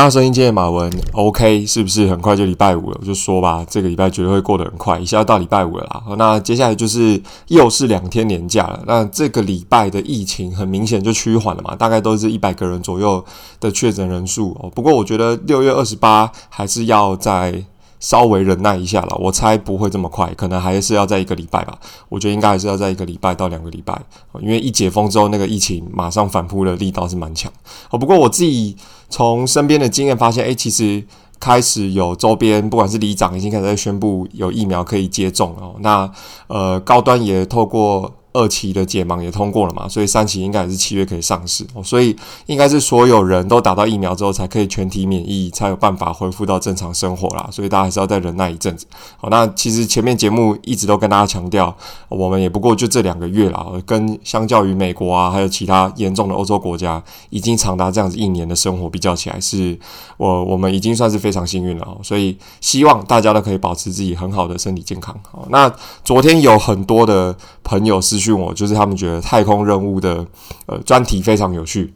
那聲音，間的馬文。OK，是不是很快就禮拜五了？我就說吧，這個禮拜絕對會過得很快，一下要到禮拜五了啦。那接下來就是又是兩天年假了。那這個禮拜的疫情很明顯就趨緩了嘛，大概都是一百個人左右的確診人數。不過我覺得六月二十八還是要在。稍微忍耐一下了，我猜不會這麼快，可能還是要再一個禮拜吧。我覺得應該還是要再一個禮拜到兩個禮拜，因為一解封之後，那個疫情馬上反撲的力道是蠻強。哦，不過我自己從身邊的經驗發現，誒，其實開始有周邊，不管是里長已經開始在宣布有疫苗可以接種了。那呃，高端也透過，二期的解盲也通過了嘛，所以三期應該也是七月可以上市哦。所以應該是所有人都打到疫苗之後，才可以全體免疫，才有辦法恢復到正常生活啦。所以大家還是要再忍耐一陣子。好，那其實前面節目一直都跟大家強調，我們也不過就這兩個月啦，跟相較於美國啊，還有其他嚴重的歐洲國家，已經長達這樣子一年的生活比較起來，是我我們已經算是非常幸運了哦。所以希望大家都可以保持自己很好的身體健康。好，那昨天有很多的朋友是訓我，就是他們覺得太空任務的呃專題非常有趣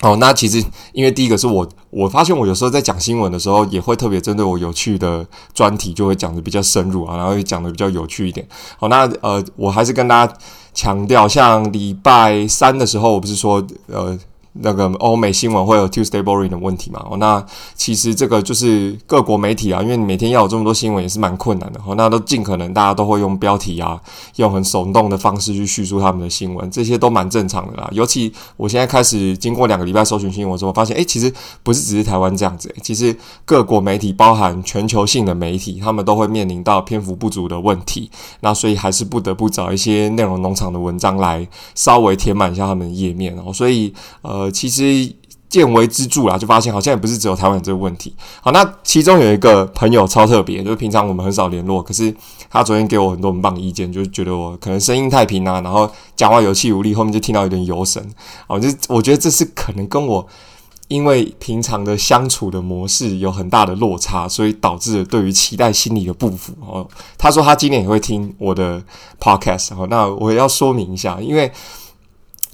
哦。那其實因為第一個是我我發現我有時候在講新聞的時候，也會特別針對我有趣的專題，就會講得比較深入啊，然後也講得比較有趣一點。好，哦，那呃我還是跟大家強調，像禮拜三的時候，我不是說呃。那個歐美新聞會有 too stabley 的問題嘛？哦，那其實這個就是各國媒體啊，因為你每天要有這麼多新聞也是蠻困難的哦。那都盡可能大家都會用標題啊，用很聳動的方式去敘述他們的新聞，這些都蠻正常的啦。尤其我現在開始經過兩個禮拜搜尋新聞之後發現誒、欸，其實不是只是台灣這樣子、欸，其實各國媒體，包含全球性的媒體，他們都會面臨到篇幅不足的問題。那所以還是不得不找一些內容農場的文章來稍微填滿一下他們的頁面哦。所以呃。其實見微知著啦，就發現好像也不是只有台灣人這個問題。好，那其中有一個朋友超特別，就是平常我們很少聯絡，可是他昨天給我很多很棒的意見，就是覺得我可能聲音太平啊，然後講話有氣無力，後面就聽到有點遊神。哦，就我覺得這是可能跟我因為平常的相處的模式有很大的落差，所以導致了對於期待心理的不符。哦，他說他今年也會聽我的 podcast 哦，那我要說明一下，因為。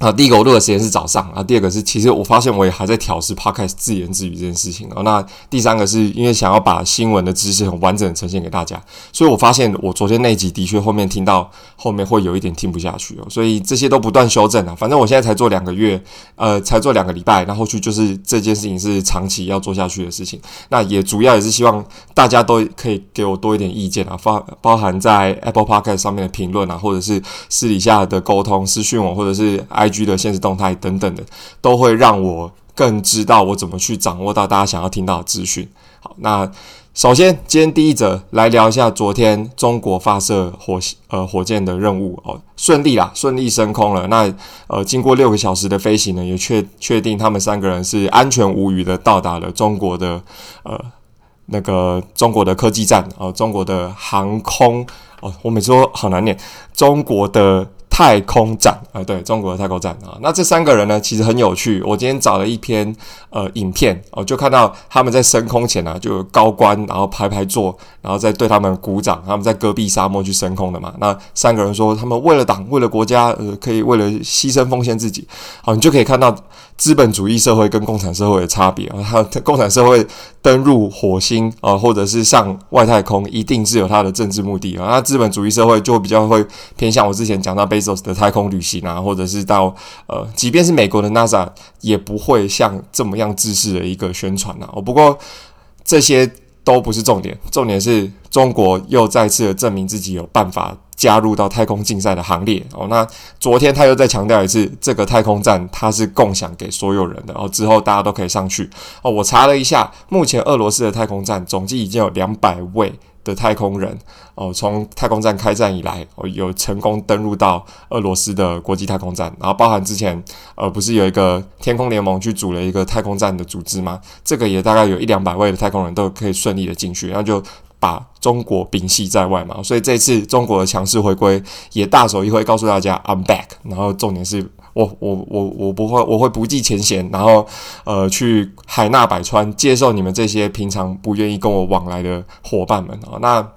啊，第一個我錄的時間是早上啊。第二個是，其實我發現我也還在調試 Podcast 自言自語這件事情啊、哦。那第三個是因為想要把新聞的知識很完整的呈現給大家，所以我發現我昨天那集的確後面聽到後面會有一點聽不下去哦。所以這些都不斷修正啊。反正我現在才做兩個月，呃，才做兩個禮拜，那後續就是這件事情是長期要做下去的事情。那也主要也是希望大家都可以給我多一點意見啊，包包含在 Apple Podcast 上面的評論啊，或者是私底下的溝通私訊我，或者是 IG。局的限時動態等等的，都會讓我更知道我怎麼去掌握到大家想要聽到的資訊。好，那首先今天第一則來聊一下昨天中國發射火、呃、火箭的任務哦，順利啦，順利升空了。那呃，經過六個小時的飛行呢，也確、確定他們三個人是安全無虞的到達了中國的呃，那個中國的科技站哦、呃，中國的航空哦，我每次都好難念中國的。太空站啊，對中國的太空站啊，那這三個人呢，其實很有趣。我今天找了一篇呃影片哦、啊，就看到他們在升空前呢、啊，就高官然後排排坐，然後再對他們鼓掌。他們在戈壁沙漠去升空的嘛。那三個人說，他們為了黨，為了國家，呃，可以為了犧牲奉獻自己。好、啊，你就可以看到資本主義社會跟共產社會的差別啊。他共產社會登入火星啊，或者是上外太空，一定是有他的政治目的啊。那資本主義社會就比較會偏向我之前講到被。的太空旅行啊，或者是到呃，即便是美國的 NASA，也不會像這麼樣制式的一個宣傳啊，哦，不過這些都不是重點，重點是中國又再次的證明自己有辦法加入到太空競賽的行列哦。那昨天他又再強調一次，這個太空站它是共享給所有人的，哦，之後大家都可以上去哦。我查了一下，目前俄羅斯的太空站總計已經有兩百位。的太空人哦，從、呃、太空站開戰以來，哦、呃、有成功登陸到俄羅斯的國際太空站，然後包含之前呃，不是有一個天空聯盟去組了一個太空站的組織嗎？這個也大概有一兩百位的太空人都可以順利的進去，那就把中國摒棄在外嘛。所以這次中國的強勢回歸也大手一揮告訴大家，I'm back。然後重點是，我我我我不會，我會不計前嫌，然後呃，去海納百川，接受你們這些平常不願意跟我往來的夥伴們啊、哦。那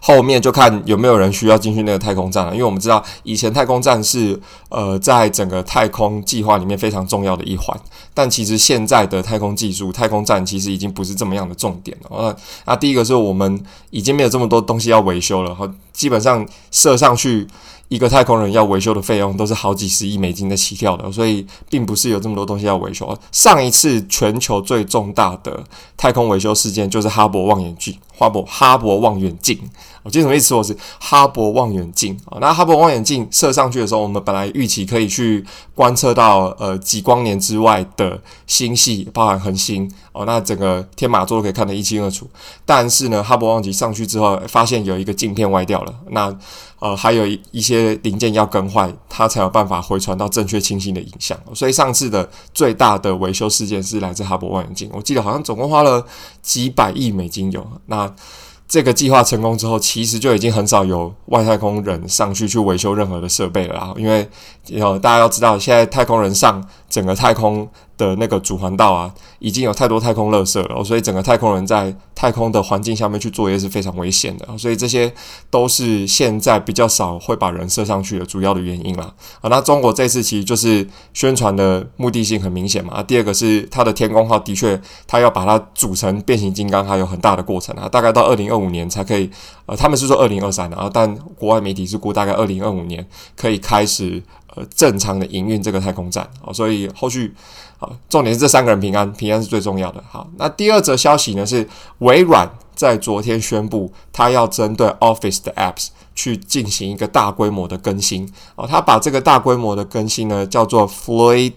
後面就看有沒有人需要進去那個太空站了，因為我們知道以前太空站是呃，在整個太空計劃裡面非常重要的一環，但其實現在的太空技術、太空站其實已經不是這麼樣的重點了。啊、哦，那那第一個是我們已經沒有這麼多東西要維修了。哦基本上，射上去一個太空人要維修的費用都是好幾十億美金的起跳的，所以並不是有這麼多東西要維修。上一次全球最重大的太空維修事件就是哈勃望遠鏡，哈勃哈勃望遠鏡，我、哦、記得什麼意思？我是哈勃望遠鏡啊。那哈勃望遠鏡射上去的時候，我們本來預期可以去觀測到呃幾光年之外的星系，包含恆星哦。那整個天馬座都可以看得一清二楚。但是呢，哈勃望遠鏡上去之後，發現有一個鏡片歪掉。那呃，還有一些零件要更換，它才有辦法回傳到正確清晰的影像。所以上次的最大的維修事件是來自哈勃望遠鏡，我記得好像總共花了幾百億美金有。那這個計劃成功之後，其實就已經很少有外太空人上去去維修任何的設備了啊，因為大家要知道，現在太空人上整個太空。的那個主環道啊，已經有太多太空垃圾了，所以整個太空人在太空的環境下面去作業是非常危險的，所以這些都是現在比較少會把人射上去的主要的原因啦。啊，那中國這次其實就是宣傳的目的性很明顯嘛。啊，第二個是它的天宮號的確，它要把它組成變形金剛，它有很大的過程啊，大概到二零二五年才可以。呃，啊，他們是說二零二三啊，但國外媒體是估大概二零二五年可以開始。呃，正常的營運這個太空站哦，所以後續啊，重點是這三個人平安，平安是最重要的。好，那第二則消息呢是，微軟在昨天宣布，它要針對 Office 的 Apps 去進行一個大規模的更新哦，它把這個大規模的更新呢叫做 Fluid。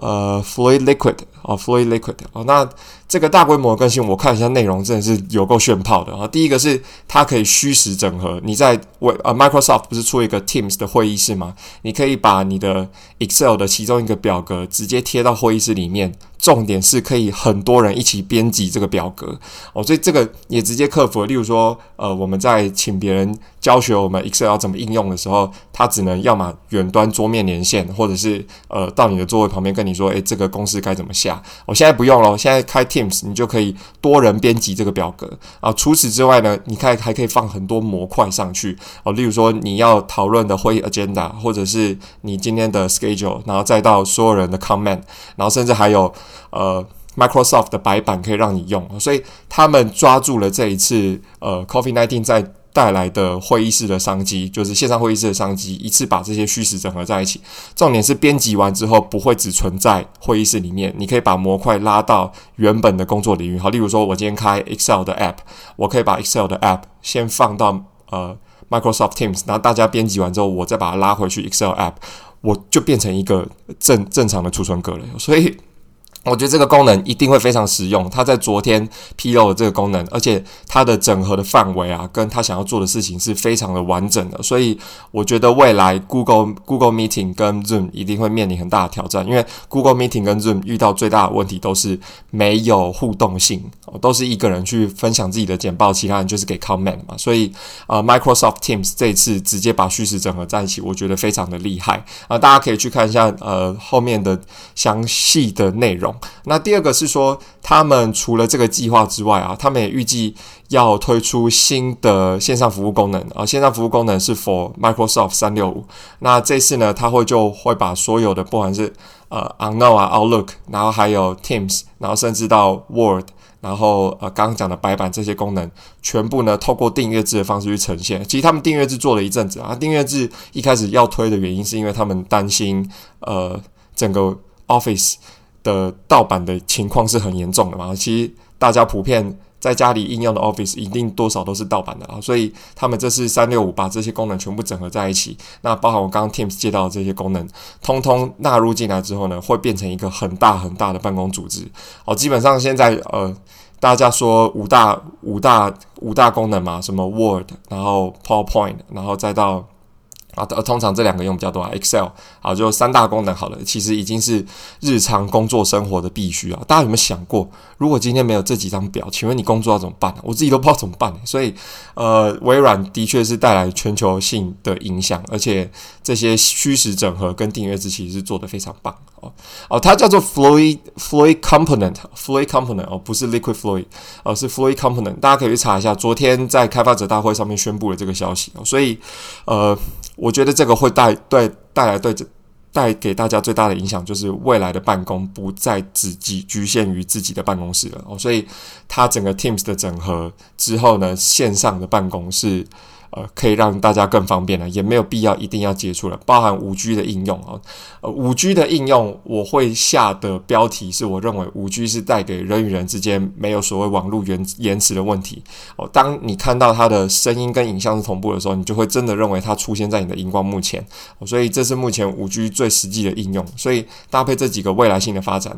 呃、uh,，Fluid Liquid 啊、uh,，Fluid Liquid 啊、uh,，那這個大規模更新，我看一下內容，真的是有夠炫炮的啊！Uh, 第一個是它可以虛實整合，你在微呃、uh, Microsoft 不是出一個 Teams 的會議室嗎？你可以把你的 Excel 的其中一個表格直接貼到會議室裡面。重點是可以很多人一起編輯這個表格哦，所以這個也直接克服了。例如說，呃，我們在請別人教學我們 Excel 要怎麼應用的時候，他只能要麼遠端桌面連線，或者是呃到你的座位旁邊跟你說，誒，這個公式該怎麼下？我現在不用了，現在開 Teams 你就可以多人編輯這個表格啊。除此之外呢，你看還可以放很多模塊上去哦，例如說你要討論的會議 Agenda，或者是你今天的 Schedule，然後再到所有人的 Comment，然後甚至還有。呃，Microsoft 的白板可以讓你用，所以他們抓住了這一次呃，COVID-19 在帶來的會議室的商機，就是線上會議室的商機，一次把這些虛實整合在一起。重點是編輯完之後不會只存在會議室裡面，你可以把模塊拉到原本的工作領域。好，例如說，我今天開 Excel 的 App，我可以把 Excel 的 App 先放到呃 Microsoft Teams，然後大家編輯完之後，我再把它拉回去 Excel App，我就變成一個正正常的儲存格了。所以。我覺得這個功能一定會非常實用。他在昨天披露了這個功能，而且它的整合的範圍啊，跟他想要做的事情是非常的完整的。所以我覺得未來 Google Google Meeting 跟 Zoom 一定會面臨很大的挑戰，因為 Google Meeting 跟 Zoom 遇到最大的問題都是沒有互動性，都是一個人去分享自己的簡報，其他人就是給 comment 嘛。所以呃 Microsoft Teams 這一次直接把虛實整合在一起，我覺得非常的厲害啊！呃，大家可以去看一下呃後面的詳細的內容。那第二個是說，他們除了這個計劃之外啊，他們也預計要推出新的線上服務功能啊。線上服務功能是 for Microsoft 三六五。那這次呢，他會就會把所有的，不管是呃 OneNote，Outlook，然後還有 Teams，然後甚至到 Word，然後呃，剛剛講的白板這些功能，全部呢，透過訂閱制的方式去呈現。其實他們訂閱制做了一陣子啊，訂閱制一開始要推的原因是因為他們擔心呃，整個 Office。的盜版的情況是很嚴重的嘛，其實大家普遍在家裡應用的 Office 一定多少都是盜版的啊，所以他們這次三六五把這些功能全部整合在一起，那包含我剛剛 Teams 介紹的這些功能，通通納入進來之後呢，會變成一個很大很大的辦公組織。好，基本上現在呃，大家說五大五大五大功能嘛，什麼 Word，然後 PowerPoint，然後再到。啊，啊，通常這兩個用比較多啊，Excel，啊好，就三大功能好了，其實已經是日常工作生活的必需啊。大家有沒有想過，如果今天沒有這幾張表，請問你工作要怎麼辦啊？我自己都不知道怎麼辦欸。所以，呃，微軟的確是帶來全球性的影響，而且這些虛實整合跟訂閱制其實是做得非常棒。哦，它叫做 fluid fluid component fluid component，哦，不是 liquid fluid，哦，是 fluid component，大家可以去查一下，昨天在開發者大會上面宣布了這個消息哦，所以，呃，我覺得這個會帶對帶來對帶給大家最大的影響就是未來的辦公不再只局限於自己的辦公室了哦，所以它整個 Teams 的整合之後呢，線上的辦公室。呃，可以讓大家更方便了，也沒有必要一定要接觸了，包含五 G 的應用啊，呃，五 G 的應用我會下的標題是，我認為五 G 是帶給人與人之間沒有所謂網絡延延遲的問題。哦，當你看到它的聲音跟影像是同步的時候，你就會真的認為它出現在你的熒光幕前。所以這是目前五 G 最實際的應用。所以搭配這幾個未來性的發展。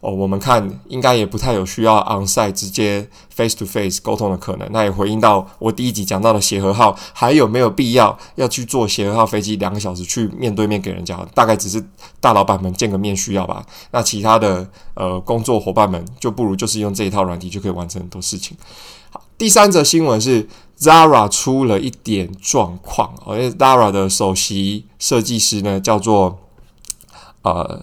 哦，我們看應該也不太有需要 onsite 直接 face to face 溝通的可能。那也回應到我第一集講到的協和號，還有沒有必要要去坐協和號飛機兩個小時去面對面給人家？大概只是大老闆們見個面需要吧。那其他的呃工作夥伴們就不如就是用這一套軟體就可以完成很多事情。好，第三則新聞是 Zara 出了一點狀況，哦，因為 Zara 的首席設計師呢叫做呃。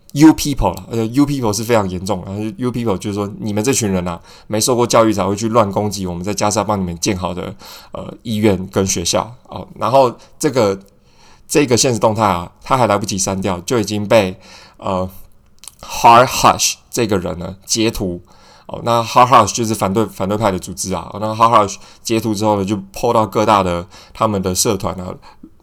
U people 了，呃，U people 是非常嚴重，然後 U people 就是說你們這群人啊，沒受過教育才會去亂攻擊我們在加沙幫你們建好的呃、uh, 醫院跟學校哦，uh, 然後這個這個限時動態啊，他還來不及刪掉，就已經被呃、uh, Hard Hush 這個人呢截圖哦，uh, 那 Hard Hush 就是反對反對派的組織啊，uh, 那 Hard Hush 截圖之後呢，就 po 到各大的他們的社團啊。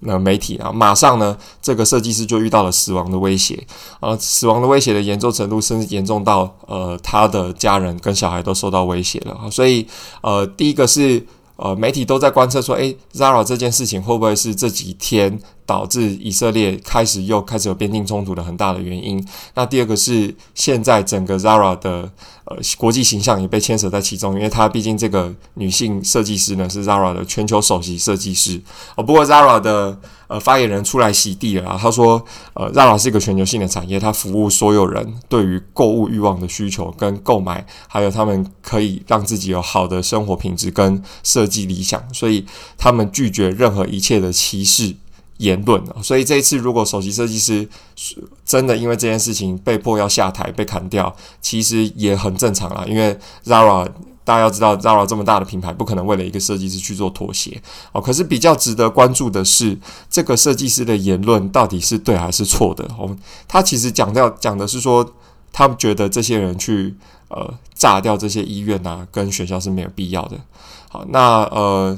那媒體啊，馬上呢，這個設計師就遇到了死亡的威脅啊，死亡的威脅的嚴重程度，甚至嚴重到呃，他的家人跟小孩都受到威脅了。所以呃，第一個是呃，媒體都在觀測說，哎，Zara 這件事情會不會是這幾天？導致以色列開始又開始有邊境衝突的很大的原因。那第二個是現在整個 Zara 的呃國際形象也被牽扯在其中，因為他畢竟這個女性設計師呢是 Zara 的全球首席設計師。哦，不過 Zara 的呃發言人出來洗地了，他說：呃，Zara 是一個全球性的產業，它服務所有人對於購物欲望的需求跟購買，還有他們可以讓自己有好的生活品質跟設計理想，所以他們拒絕任何一切的歧視。言論啊，所以這一次如果首席設計師真的因為這件事情被迫要下台被砍掉，其實也很正常啦。因為 Zara 大家要知道，Zara 這麼大的品牌，不可能為了一個設計師去做妥協哦。可是比較值得關注的是，這個設計師的言論到底是對還是錯的？好，哦，他其實講到講的是說，他們覺得這些人去呃炸掉這些醫院啊跟學校是沒有必要的。好，那呃，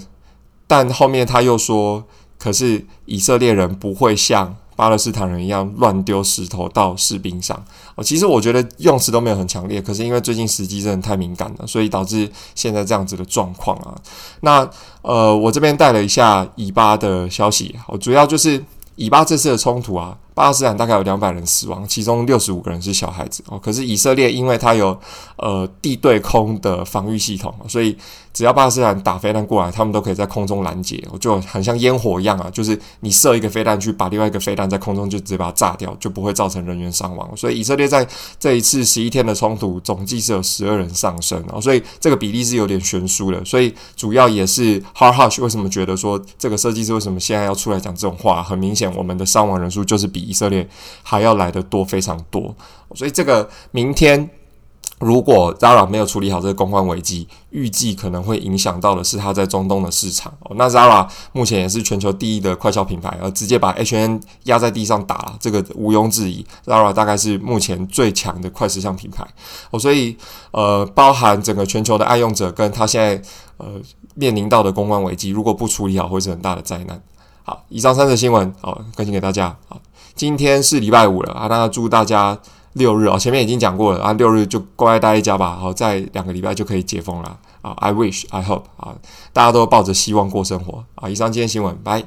但後面他又說。可是以色列人不會像巴勒斯坦人一樣亂丟石頭到士兵上。其實我覺得用詞都沒有很強烈，可是因為最近時機真的太敏感了，所以導致現在這樣子的狀況啊。那呃，我這邊帶了一下以巴的消息，我主要就是以巴這次的衝突啊。巴勒斯坦大概有兩百人死亡，其中六十五個人是小孩子哦。可是以色列因為它有呃地對空的防禦系統，所以只要巴勒斯坦打飛彈過來，他們都可以在空中攔截，就很像煙火一樣啊，就是你射一個飛彈去，把另外一個飛彈在空中就直接把它炸掉，就不會造成人員傷亡。所以以色列在這一次十一天的衝突總計是有十二人喪生哦，所以這個比例是有點懸殊的。所以主要也是哈瑪斯為什麼覺得說這個設計師為什麼現在要出來講這種話？很明顯，我們的傷亡人數就是比。以色列還要來得多，非常多，所以這個明天如果 Zara 沒有處理好這個公關危機，預計可能會影響到的是他在中東的市場。哦，那 Zara 目前也是全球第一的快銷品牌，而直接把 H&M 壓在地上打，這個毋庸置疑，Zara 大概是目前最強的快時尚品牌。哦，所以呃，包含整個全球的愛用者跟他現在呃面臨到的公關危機，如果不處理好，會是很大的災難。好，以上三則新聞好、哦、更新給大家。今天是禮拜五了啊，那祝大家六日啊！前面已經講過了啊，六日就乖乖待在家吧，好，再兩個禮拜就可以解封了啊！I wish, I hope 啊，大家都抱着希望過生活啊！以上今天新聞，拜。